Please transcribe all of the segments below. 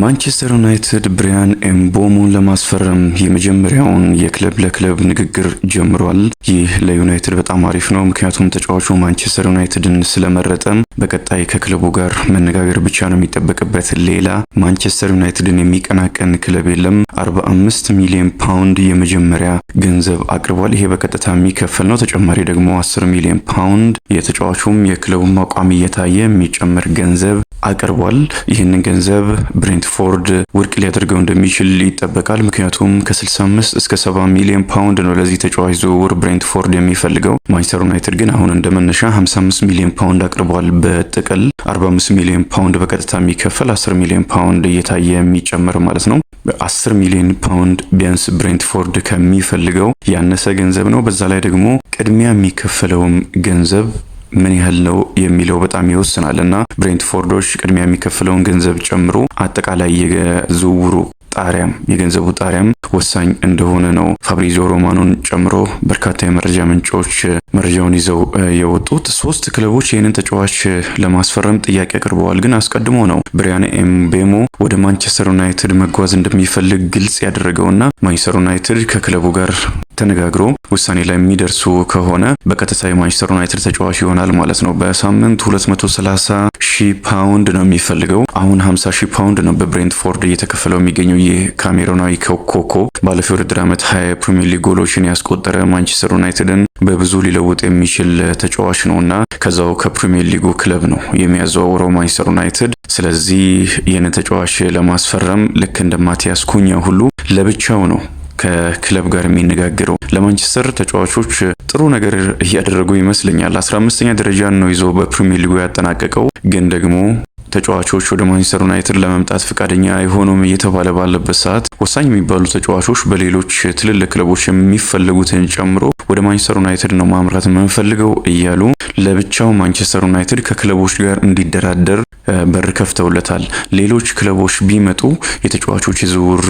ማንቸስተር ዩናይትድ ብሪያን ኤምቦሙን ለማስፈረም የመጀመሪያውን የክለብ ለክለብ ንግግር ጀምሯል። ይህ ለዩናይትድ በጣም አሪፍ ነው፣ ምክንያቱም ተጫዋቹ ማንቸስተር ዩናይትድን ስለመረጠም በቀጣይ ከክለቡ ጋር መነጋገር ብቻ ነው የሚጠበቅበት። ሌላ ማንቸስተር ዩናይትድን የሚቀናቀን ክለብ የለም። 45 ሚሊዮን ፓውንድ የመጀመሪያ ገንዘብ አቅርቧል። ይሄ በቀጥታ የሚከፈል ነው። ተጨማሪ ደግሞ 10 ሚሊዮን ፓውንድ የተጫዋቹም የክለቡም አቋም እየታየ የሚጨምር ገንዘብ አቅርቧል። ይህንን ገንዘብ ብሬንትፎርድ ውድቅ ሊያደርገው እንደሚችል ይጠበቃል። ምክንያቱም ከ65 እስከ 70 ሚሊዮን ፓውንድ ነው ለዚህ ተጫዋች ዝውውር ብሬንትፎርድ የሚፈልገው። ማንቸስተር ዩናይትድ ግን አሁን እንደ መነሻ 55 ሚሊዮን ፓውንድ አቅርቧል። በጥቅል 45 ሚሊዮን ፓውንድ በቀጥታ የሚከፈል 10 ሚሊዮን ፓውንድ እየታየ የሚጨምር ማለት ነው። በ10 ሚሊዮን ፓውንድ ቢያንስ ብሬንትፎርድ ከሚፈልገው ያነሰ ገንዘብ ነው። በዛ ላይ ደግሞ ቅድሚያ የሚከፈለውም ገንዘብ ምን ያህል ነው የሚለው በጣም ይወስናል እና ብሬንትፎርዶች ቅድሚያ የሚከፍለውን ገንዘብ ጨምሮ አጠቃላይ የዝውውሩ ጣሪያም የገንዘቡ ጣሪያም ወሳኝ እንደሆነ ነው ፋብሪዚዮ ሮማኖን ጨምሮ በርካታ የመረጃ ምንጮች መረጃውን ይዘው የወጡት። ሶስት ክለቦች ይህንን ተጫዋች ለማስፈረም ጥያቄ አቅርበዋል። ግን አስቀድሞ ነው ብሪያን ኤምቤሞ ወደ ማንቸስተር ዩናይትድ መጓዝ እንደሚፈልግ ግልጽ ያደረገውና ማንቸስተር ዩናይትድ ከክለቡ ጋር ተነጋግሮ ውሳኔ ላይ የሚደርሱ ከሆነ በቀጥታ የማንቸስተር ዩናይትድ ተጫዋች ይሆናል ማለት ነው። በሳምንት 230 ሺህ ፓውንድ ነው የሚፈልገው። አሁን 50 ሺህ ፓውንድ ነው በብሬንትፎርድ እየተከፈለው የሚገኘው ይህ ካሜሮናዊ ኮኮ ባለፈው የውድድር ዓመት ሀያ ፕሪሚየር ሊግ ጎሎችን ያስቆጠረ ማንቸስተር ዩናይትድን በብዙ ሊለውጥ የሚችል ተጫዋች ነው እና ከዛው ከፕሪሚየር ሊጉ ክለብ ነው የሚያዘዋውረው ማንቸስተር ዩናይትድ። ስለዚህ ይህን ተጫዋች ለማስፈረም ልክ እንደ ማቲያስ ኩኛ ሁሉ ለብቻው ነው ከክለብ ጋር የሚነጋገረው ለማንቸስተር ተጫዋቾች ጥሩ ነገር እያደረጉ ይመስለኛል። አስራ አምስተኛ ደረጃን ነው ይዞ በፕሪሚየር ሊጉ ያጠናቀቀው ግን ደግሞ ተጫዋቾች ወደ ማንቸስተር ዩናይትድ ለመምጣት ፈቃደኛ አይሆኑም እየተባለ ባለበት ሰዓት ወሳኝ የሚባሉ ተጫዋቾች በሌሎች ትልልቅ ክለቦች የሚፈልጉትን ጨምሮ ወደ ማንቸስተር ዩናይትድ ነው ማምራት የምንፈልገው እያሉ ለብቻው ማንቸስተር ዩናይትድ ከክለቦች ጋር እንዲደራደር በር ከፍተውለታል። ሌሎች ክለቦች ቢመጡ የተጫዋቾች የዝውውር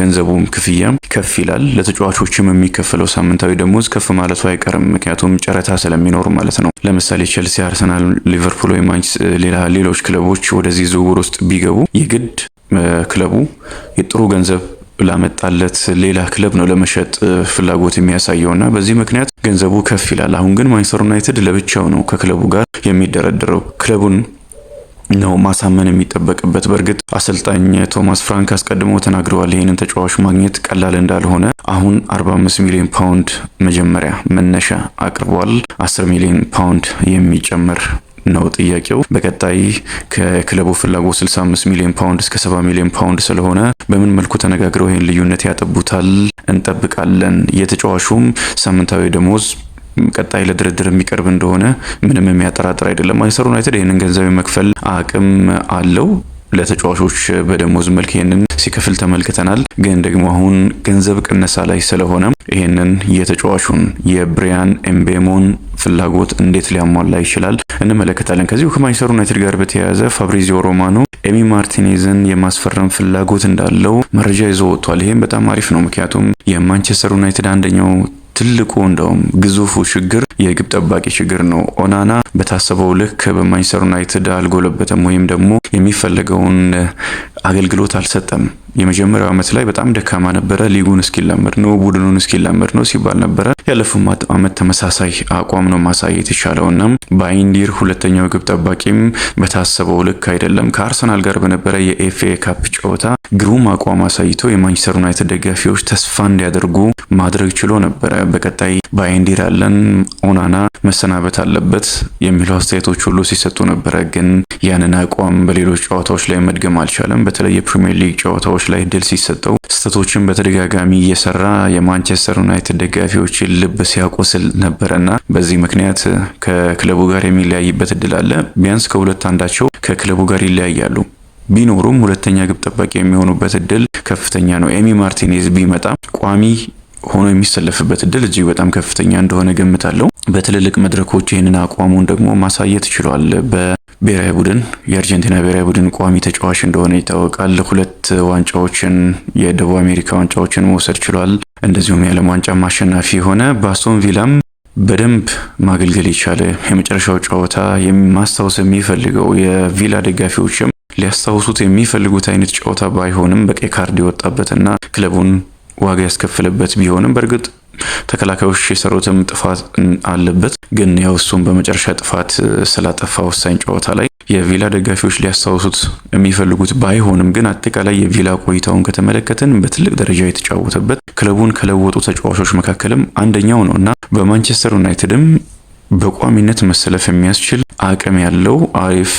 ገንዘቡም ክፍያም ከፍ ይላል። ለተጫዋቾችም የሚከፈለው ሳምንታዊ ደሞዝ ከፍ ማለቱ አይቀርም፣ ምክንያቱም ጨረታ ስለሚኖር ማለት ነው። ለምሳሌ ቼልሲ፣ አርሰናል፣ ሊቨርፑል ማንቸስተር ሌሎች ክለቦች ወደዚህ ዝውውር ውስጥ ቢገቡ የግድ ክለቡ የጥሩ ገንዘብ ላመጣለት ሌላ ክለብ ነው ለመሸጥ ፍላጎት የሚያሳየውና በዚህ ምክንያት ገንዘቡ ከፍ ይላል። አሁን ግን ማንቸስተር ዩናይትድ ለብቻው ነው ከክለቡ ጋር የሚደረድረው ክለቡን ነው ማሳመን የሚጠበቅበት። በእርግጥ አሰልጣኝ ቶማስ ፍራንክ አስቀድሞ ተናግረዋል ይህንን ተጫዋች ማግኘት ቀላል እንዳልሆነ። አሁን 45 ሚሊዮን ፓውንድ መጀመሪያ መነሻ አቅርቧል። 10 ሚሊዮን ፓውንድ የሚጨምር ነው ጥያቄው። በቀጣይ ከክለቡ ፍላጎት 65 ሚሊዮን ፓውንድ እስከ 70 ሚሊዮን ፓውንድ ስለሆነ በምን መልኩ ተነጋግረው ይህን ልዩነት ያጠቡታል እንጠብቃለን። የተጫዋቹም ሳምንታዊ ደሞዝ ቀጣይ ለድርድር የሚቀርብ እንደሆነ ምንም የሚያጠራጥር አይደለም። ማንቸስተር ዩናይትድ ይህንን ገንዘብ የመክፈል አቅም አለው። ለተጫዋቾች በደሞዝ መልክ ይህንን ሲከፍል ተመልክተናል። ግን ደግሞ አሁን ገንዘብ ቅነሳ ላይ ስለሆነ ይህንን የተጫዋቹን የብሪያን ኤምቤሞን ፍላጎት እንዴት ሊያሟላ ይችላል እንመለከታለን። ከዚሁ ከማንቸስተር ዩናይትድ ጋር በተያያዘ ፋብሪዚዮ ሮማኖ ኤሚ ማርቲኔዝን የማስፈረም ፍላጎት እንዳለው መረጃ ይዞ ወጥቷል። ይህም በጣም አሪፍ ነው፣ ምክንያቱም የማንቸስተር ዩናይትድ አንደኛው ትልቁ እንደውም ግዙፉ ችግር የግብ ጠባቂ ችግር ነው። ኦናና በታሰበው ልክ በማንቸስተር ዩናይትድ አልጎለበተም ወይም ደግሞ የሚፈለገውን አገልግሎት አልሰጠም። የመጀመሪያው ዓመት ላይ በጣም ደካማ ነበረ። ሊጉን እስኪላመድ ነው ቡድኑን እስኪላመድ ነው ሲባል ነበረ። ያለፈው ዓመት ተመሳሳይ አቋም ነው ማሳየት የቻለው እና ባይንዲር ሁለተኛው ግብ ጠባቂም በታሰበው ልክ አይደለም። ከአርሰናል ጋር በነበረ የኤፍኤ ካፕ ጨዋታ ግሩም አቋም አሳይቶ የማንቸስተር ዩናይትድ ደጋፊዎች ተስፋ እንዲያደርጉ ማድረግ ችሎ ነበረ። በቀጣይ ባይንዲር ያለን ኦናና መሰናበት አለበት የሚለው አስተያየቶች ሁሉ ሲሰጡ ነበረ። ግን ያንን አቋም በሌ ሌሎች ጨዋታዎች ላይ መድገም አልቻለም። በተለይ የፕሪሚየር ሊግ ጨዋታዎች ላይ ድል ሲሰጠው ስህተቶችን በተደጋጋሚ እየሰራ የማንቸስተር ዩናይትድ ደጋፊዎችን ልብ ሲያቆስል እና በዚህ ምክንያት ከክለቡ ጋር የሚለያይበት እድል አለ። ቢያንስ ከሁለት አንዳቸው ከክለቡ ጋር ይለያያሉ። ቢኖሩም ሁለተኛ ግብ ጠባቂ የሚሆኑበት እድል ከፍተኛ ነው። ኤሚ ማርቲኔዝ ቢመጣ ቋሚ ሆኖ የሚሰለፍበት እድል እጅግ በጣም ከፍተኛ እንደሆነ ገምታለሁ። በትልልቅ መድረኮች ይህንን አቋሙን ደግሞ ማሳየት ችሏል። ብሔራዊ ቡድን የአርጀንቲና ብሔራዊ ቡድን ቋሚ ተጫዋች እንደሆነ ይታወቃል። ሁለት ዋንጫዎችን የደቡብ አሜሪካ ዋንጫዎችን መውሰድ ችሏል። እንደዚሁም የዓለም ዋንጫ አሸናፊ የሆነ በአስቶን ቪላም በደንብ ማገልገል የቻለ የመጨረሻው ጨዋታ ማስታወስ የሚፈልገው የቪላ ደጋፊዎችም ሊያስታውሱት የሚፈልጉት አይነት ጨዋታ ባይሆንም በቀይ ካርድ የወጣበትና ክለቡን ዋጋ ያስከፍለበት ቢሆንም በእርግጥ ተከላካዮች የሰሩትም ጥፋት አለበት። ግን ያው እሱም በመጨረሻ ጥፋት ስላጠፋ ወሳኝ ጨዋታ ላይ የቪላ ደጋፊዎች ሊያስታውሱት የሚፈልጉት ባይሆንም ግን አጠቃላይ የቪላ ቆይታውን ከተመለከትን በትልቅ ደረጃ የተጫወተበት ክለቡን ከለወጡ ተጫዋቾች መካከልም አንደኛው ነው እና በማንቸስተር ዩናይትድም በቋሚነት መሰለፍ የሚያስችል አቅም ያለው አሪፍ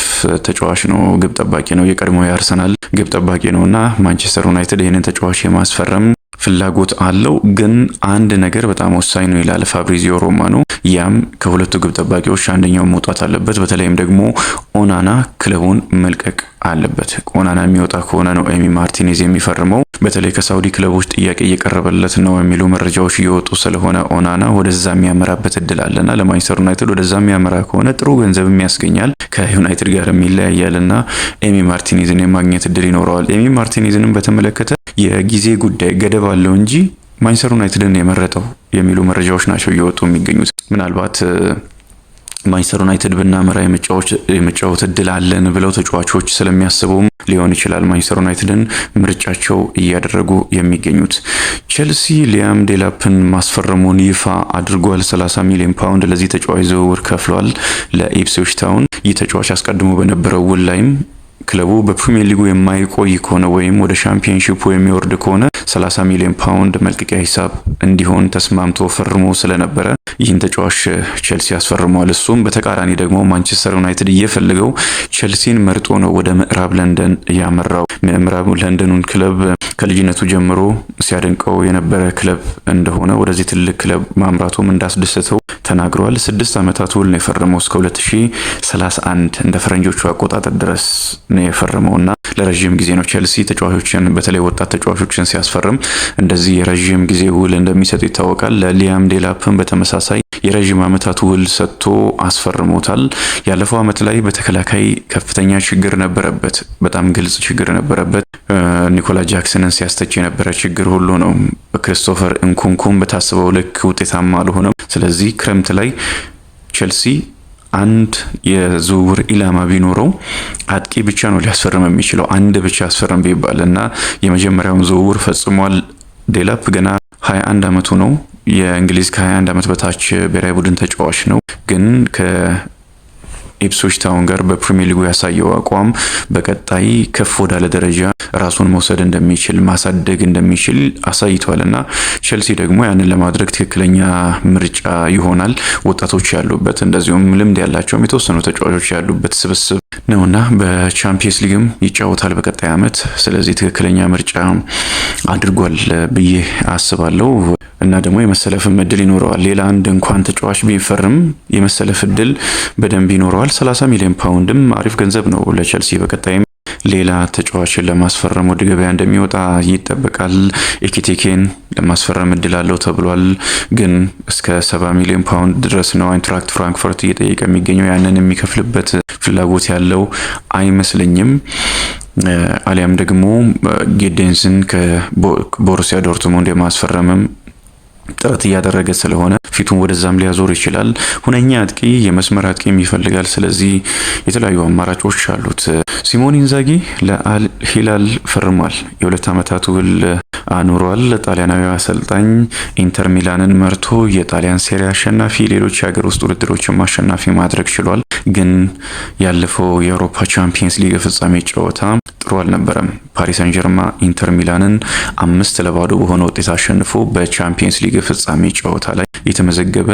ተጫዋች ነው። ግብ ጠባቂ ነው። የቀድሞ የአርሰናል ግብ ጠባቂ ነው እና ማንቸስተር ዩናይትድ ይህንን ተጫዋች የማስፈረም ፍላጎት አለው። ግን አንድ ነገር በጣም ወሳኝ ነው ይላል ፋብሪዚዮ ሮማኖ። ያም ከሁለቱ ግብ ጠባቂዎች አንደኛው መውጣት አለበት። በተለይም ደግሞ ኦናና ክለቡን መልቀቅ አለበት። ኦናና የሚወጣ ከሆነ ነው ኤሚ ማርቲኔዝ የሚፈርመው። በተለይ ከሳውዲ ክለቦች ጥያቄ እየቀረበለት ነው የሚሉ መረጃዎች እየወጡ ስለሆነ ኦናና ወደዛ የሚያመራበት እድል አለና ለማንቸስተር ዩናይትድ ወደዛ የሚያመራ ከሆነ ጥሩ ገንዘብም ያስገኛል፣ ከዩናይትድ ጋር የሚለያያል ኤሚ ማርቲኔዝን የማግኘት እድል ይኖረዋል። ኤሚ ማርቲኔዝንም በተመለከተ የጊዜ ጉዳይ ገደብ አለው እንጂ ማንቸስተር ዩናይትድን የመረጠው የሚሉ መረጃዎች ናቸው እየወጡ የሚገኙት ምናልባት ማንቸስተር ዩናይትድ ብናመራ የመጫወት እድል አለን ብለው ተጫዋቾች ስለሚያስቡም ሊሆን ይችላል ማንቸስተር ዩናይትድን ምርጫቸው እያደረጉ የሚገኙት። ቼልሲ ሊያም ዴላፕን ማስፈረሙን ይፋ አድርጓል። 30 ሚሊዮን ፓውንድ ለዚህ ተጫዋች ዝውውር ከፍሏል ለኢፕስዊች ታውን። ይህ ተጫዋች አስቀድሞ በነበረው ውል ላይም ክለቡ በፕሪሚየር ሊጉ የማይቆይ ከሆነ ወይም ወደ ሻምፒዮንሺፑ የሚወርድ ከሆነ 30 ሚሊዮን ፓውንድ መልቀቂያ ሂሳብ እንዲሆን ተስማምቶ ፈርሞ ስለነበረ ይህን ተጫዋች ቸልሲ ያስፈርመዋል። እሱም በተቃራኒ ደግሞ ማንቸስተር ዩናይትድ እየፈለገው ቸልሲን መርጦ ነው ወደ ምዕራብ ለንደን ያመራው። ምዕራብ ለንደኑን ክለብ ከልጅነቱ ጀምሮ ሲያደንቀው የነበረ ክለብ እንደሆነ ወደዚህ ትልቅ ክለብ ማምራቱም እንዳስደሰተው ተናግረዋል። ስድስት ዓመታት ውል ነው የፈረመው እስከ 2031 እንደ ፈረንጆቹ አቆጣጠር ድረስ ነው የፈረመው እና ለረዥም ጊዜ ነው ቸልሲ ተጫዋቾችን በተለይ ወጣት ተጫዋቾችን ሲያስፈ እንዲያስፈርም እንደዚህ የረዥም ጊዜ ውል እንደሚሰጥ ይታወቃል። ለሊያም ዴላፕም በተመሳሳይ የረዥም ዓመታት ውል ሰጥቶ አስፈርሞታል። ያለፈው ዓመት ላይ በተከላካይ ከፍተኛ ችግር ነበረበት። በጣም ግልጽ ችግር ነበረበት። ኒኮላ ጃክሰንን ሲያስተች የነበረ ችግር ሁሉ ነው። ክሪስቶፈር እንኩንኩም በታስበው ልክ ውጤታማ አልሆነም። ስለዚህ ክረምት ላይ ቼልሲ አንድ የዝውውር ኢላማ ቢኖረው አጥቂ ብቻ ነው ሊያስፈርም የሚችለው። አንድ ብቻ አስፈርም ቢባል እና የመጀመሪያውን ዝውውር ፈጽሟል። ዴላፕ ገና 21 ዓመቱ ነው። የእንግሊዝ ከ21 ዓመት በታች ብሔራዊ ቡድን ተጫዋች ነው ግን ኢፕስዊች ታውን ጋር በፕሪሚየር ሊጉ ያሳየው አቋም በቀጣይ ከፍ ወዳለ ደረጃ ራሱን መውሰድ እንደሚችል ማሳደግ እንደሚችል አሳይቷል እና ቼልሲ ደግሞ ያንን ለማድረግ ትክክለኛ ምርጫ ይሆናል። ወጣቶች ያሉበት እንደዚሁም ልምድ ያላቸውም የተወሰኑ ተጫዋቾች ያሉበት ስብስብ ነውና በቻምፒየንስ ሊግም ይጫወታል በቀጣይ ዓመት። ስለዚህ ትክክለኛ ምርጫ አድርጓል ብዬ አስባለሁ እና ደግሞ የመሰለፍም እድል ይኖረዋል። ሌላ አንድ እንኳን ተጫዋች ቢፈርም የመሰለፍ እድል በደንብ ይኖረዋል። ተፈርሟል። 30 ሚሊዮን ፓውንድም አሪፍ ገንዘብ ነው ለቸልሲ። በቀጣይም ሌላ ተጫዋችን ለማስፈረም ወደ ገበያ እንደሚወጣ ይጠበቃል። ኤኪቴኬን ለማስፈረም እድል አለው ተብሏል። ግን እስከ 70 ሚሊዮን ፓውንድ ድረስ ነው አይንትራክት ፍራንክፈርት እየጠየቀ የሚገኘው። ያንን የሚከፍልበት ፍላጎት ያለው አይመስለኝም። አሊያም ደግሞ ጌዴንስን ከቦሩሲያ ዶርትሙንድ የማስፈረምም ጥረት እያደረገ ስለሆነ ፊቱን ወደዛም ሊያዞር ይችላል። ሁነኛ አጥቂ የመስመር አጥቂም ይፈልጋል። ስለዚህ የተለያዩ አማራጮች አሉት። ሲሞን ኢንዛጊ ለአል ሂላል ፈርሟል። የሁለት ዓመታት ውል አኑሯል። ጣሊያናዊ አሰልጣኝ ኢንተር ሚላንን መርቶ የጣሊያን ሴሪ አሸናፊ፣ ሌሎች የሀገር ውስጥ ውድድሮችም አሸናፊ ማድረግ ችሏል። ግን ያለፈው የአውሮፓ ቻምፒየንስ ሊግ ፍጻሜ ጨዋታ ጥሩ አልነበረም። ፓሪስ ሳን ጀርማ ኢንተር ሚላንን አምስት ለባዶ በሆነ ውጤት አሸንፎ በቻምፒየንስ ሊግ ፍጻሜ ጨዋታ ላይ የተመዘገበ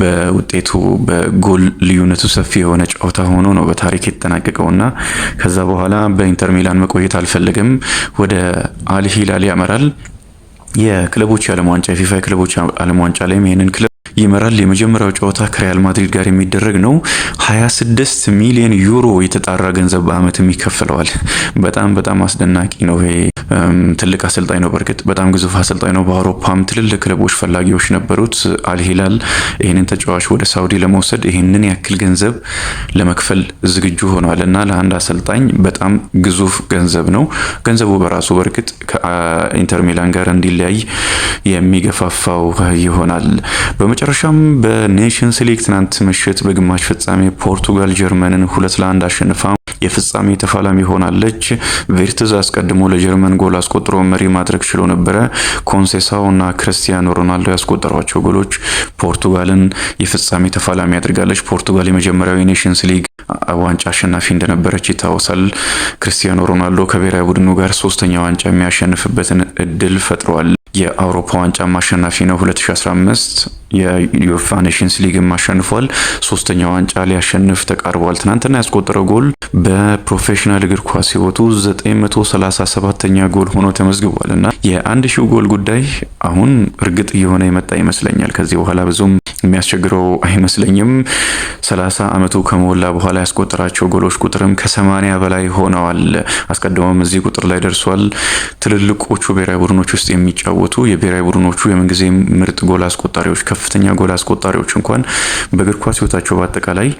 በውጤቱ በጎል ልዩነቱ ሰፊ የሆነ ጨዋታ ሆኖ ነው በታሪክ የተጠናቀቀውና ከዛ በኋላ በኢንተር ሚላን መቆየት አልፈለግም። ወደ አልሂላል ያመራል። የክለቦች ዓለም ዋንጫ የፊፋ የክለቦች ዓለም ዋንጫ ላይም ይህንን ክለብ ይመራል። የመጀመሪያው ጨዋታ ከሪያል ማድሪድ ጋር የሚደረግ ነው። 26 ሚሊዮን ዩሮ የተጣራ ገንዘብ በአመትም ይከፍለዋል። በጣም በጣም አስደናቂ ነው። ይሄ ትልቅ አሰልጣኝ ነው። በእርግጥ በጣም ግዙፍ አሰልጣኝ ነው። በአውሮፓም ትልልቅ ክለቦች ፈላጊዎች ነበሩት። አልሂላል ይህንን ተጫዋች ወደ ሳውዲ ለመውሰድ ይህንን ያክል ገንዘብ ለመክፈል ዝግጁ ሆኗል እና ለአንድ አሰልጣኝ በጣም ግዙፍ ገንዘብ ነው። ገንዘቡ በራሱ በእርግጥ ከኢንተር ሚላን ጋር እንዲለያይ የሚገፋፋው ይሆናል። በመጨረ በመጨረሻም በኔሽንስ ሊግ ትናንት ምሽት በግማሽ ፍጻሜ ፖርቱጋል ጀርመንን ሁለት ለአንድ አሸንፋ የፍጻሜ ተፋላሚ ሆናለች። ቬርትዝ አስቀድሞ ለጀርመን ጎል አስቆጥሮ መሪ ማድረግ ችሎ ነበረ። ኮንሴሳው እና ክርስቲያኖ ሮናልዶ ያስቆጠሯቸው ጎሎች ፖርቱጋልን የፍጻሜ ተፋላሚ አድርጋለች። ፖርቱጋል የመጀመሪያው የኔሽንስ ሊግ ዋንጫ አሸናፊ እንደነበረች ይታወሳል። ክርስቲያኖ ሮናልዶ ከብሔራዊ ቡድኑ ጋር ሶስተኛ ዋንጫ የሚያሸንፍበትን እድል ፈጥሯል። የአውሮፓ ዋንጫ አሸናፊ ነው። 2015 የዩፋ ኔሽንስ ሊግም አሸንፏል። ሶስተኛ ዋንጫ ሊያሸንፍ ተቃርቧል። ትናንትና ያስቆጠረው ጎል በፕሮፌሽናል እግር ኳስ ህይወቱ 937ኛ ጎል ሆኖ ተመዝግቧል እና የአንድ ሺው ጎል ጉዳይ አሁን እርግጥ እየሆነ የመጣ ይመስለኛል። ከዚህ በኋላ ብዙም የሚያስቸግረው አይመስለኝም። ሰላሳ አመቱ ከሞላ በኋላ ያስቆጠራቸው ጎሎች ቁጥርም ከ80 በላይ ሆነዋል። አስቀድሞም እዚህ ቁጥር ላይ ደርሷል። ትልልቆቹ ብሔራዊ ቡድኖች ውስጥ የሚጫወቱ የብሔራዊ ቡድኖቹ የምንጊዜ ምርጥ ጎል አስቆጣሪዎች፣ ከፍተኛ ጎል አስቆጣሪዎች እንኳን በእግር ኳስ ህይወታቸው በአጠቃላይ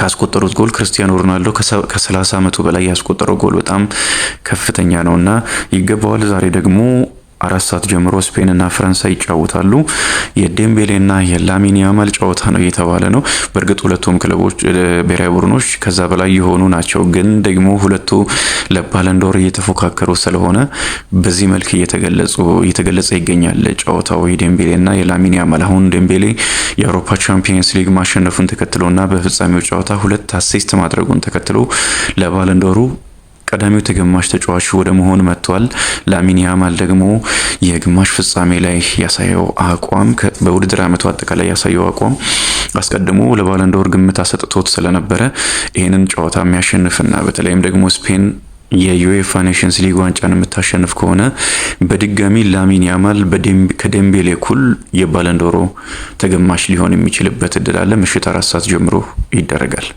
ካስቆጠሩት ጎል ክርስቲያኖ ሮናልዶ ከ30 አመቱ በላይ ያስቆጠረው ጎል በጣም ከፍተኛ ነው እና ይገባዋል። ዛሬ ደግሞ አራት ሰዓት ጀምሮ ስፔንና ፈረንሳይ ይጫወታሉ። የዴምቤሌና የላሚን ያማል ጨዋታ ነው እየተባለ ነው። በእርግጥ ሁለቱም ክለቦች ብሔራዊ ቡድኖች ከዛ በላይ የሆኑ ናቸው፣ ግን ደግሞ ሁለቱ ለባለንዶር እየተፎካከሩ ስለሆነ በዚህ መልክ እየተገለጸ ይገኛል ጨዋታው የዴምቤሌና የላሚን ያማል። አሁን ዴምቤሌ የአውሮፓ ቻምፒየንስ ሊግ ማሸነፉን ተከትሎና በፍጻሜው ጨዋታ ሁለት አሲስት ማድረጉን ተከትሎ ለባለንዶሩ ቀዳሚው ተገማሽ ተጫዋች ወደ መሆን መጥቷል። ላሚን ያማል ደግሞ የግማሽ ፍጻሜ ላይ ያሳየው አቋም በውድድር ዓመቱ አጠቃላይ ያሳየው አቋም አስቀድሞ ለባለንዶር ግምት አሰጥቶት ስለነበረ ይህንን ጨዋታ የሚያሸንፍና በተለይም ደግሞ ስፔን የዩኤፋ ኔሽንስ ሊግ ዋንጫን የምታሸንፍ ከሆነ በድጋሚ ላሚን ያማል ከደምቤሌ እኩል የባለንዶሮ ተገማሽ ሊሆን የሚችልበት እድል አለ። ምሽት አራት ሰዓት ጀምሮ ይደረጋል።